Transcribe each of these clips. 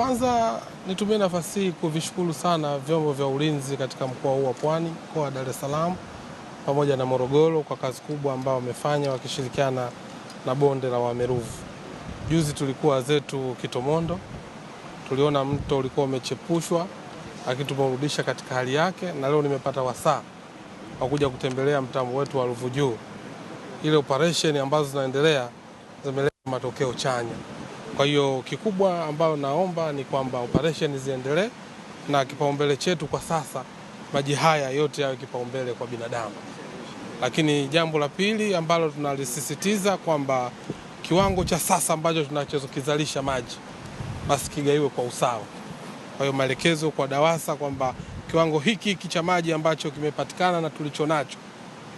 Kwanza nitumie nafasi hii kuvishukuru sana vyombo vya ulinzi katika mkoa huu wa Pwani, mkoa wa Dar es Salaam pamoja na Morogoro kwa kazi kubwa ambayo wamefanya wakishirikiana na bonde la Wameruvu. Juzi tulikuwa zetu Kitomondo, tuliona mto ulikuwa umechepushwa, lakini tumeurudisha katika hali yake, na leo nimepata wasaa wa kuja kutembelea mtambo wetu wa Ruvu Juu. Ile operation ambazo zinaendelea zimeleta matokeo chanya. Kwa hiyo kikubwa ambayo naomba ni kwamba operesheni ziendelee na kipaumbele chetu kwa sasa maji haya yote yawe kipaumbele kwa binadamu. Lakini jambo la pili ambalo tunalisisitiza kwamba kiwango cha sasa ambacho tunachokizalisha maji basi kigaiwe kwa usawa. Kwa hiyo maelekezo kwa DAWASA kwamba kiwango hiki hiki cha maji ambacho kimepatikana na tulicho nacho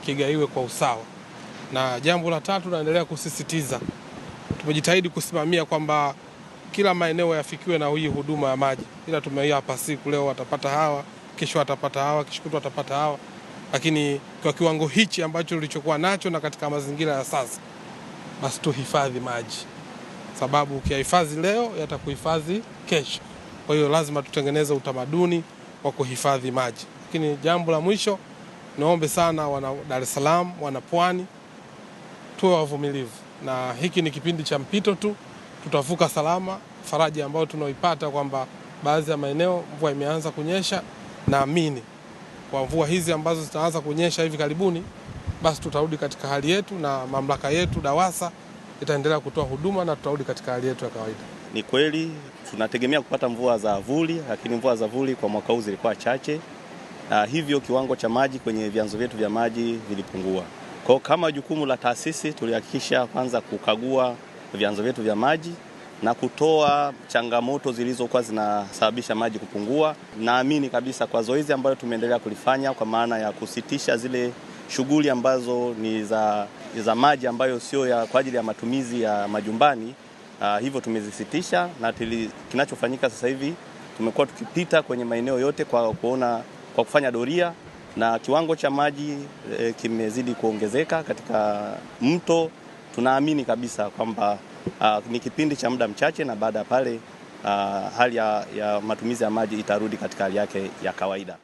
kigaiwe kwa usawa. Na jambo la tatu, naendelea kusisitiza tumejitahidi kusimamia kwamba kila maeneo yafikiwe na hii huduma ya maji, ila tumeia hapa siku leo watapata hawa, kesho watapata hawa, kesho kutwa watapata hawa, lakini kwa kiwango hichi ambacho tulichokuwa nacho na katika mazingira ya sasa, basi tuhifadhi maji, sababu ukiyahifadhi leo yatakuhifadhi kesho. Kwa hiyo lazima tutengeneze utamaduni wa kuhifadhi maji. Lakini jambo la mwisho, niombe sana wana Dar es Salaam, wana Pwani, tuwe wavumilivu na hiki ni kipindi cha mpito tu, tutavuka salama. Faraja ambayo tunaoipata kwamba baadhi ya maeneo mvua imeanza kunyesha, naamini kwa mvua hizi ambazo zitaanza kunyesha hivi karibuni, basi tutarudi katika hali yetu na mamlaka yetu DAWASA itaendelea kutoa huduma na tutarudi katika hali yetu ya kawaida. Ni kweli tunategemea kupata mvua za vuli, lakini mvua za vuli kwa mwaka huu zilikuwa chache, na hivyo kiwango cha maji kwenye vyanzo vyetu vya maji vilipungua. Kwa kama jukumu la taasisi tulihakikisha kwanza kukagua vyanzo vyetu vya maji na kutoa changamoto zilizokuwa zinasababisha maji kupungua. Naamini kabisa kwa zoezi ambalo tumeendelea kulifanya kwa maana ya kusitisha zile shughuli ambazo ni za, za maji ambayo sio ya, kwa ajili ya matumizi ya majumbani uh, hivyo tumezisitisha na tili, kinachofanyika sasa hivi tumekuwa tukipita kwenye maeneo yote kwa kuona kwa kufanya doria na kiwango cha maji e, kimezidi kuongezeka katika mto. Tunaamini kabisa kwamba ah, ni kipindi cha muda mchache, na baada ya pale ah, hali ya, ya matumizi ya maji itarudi katika hali yake ya kawaida.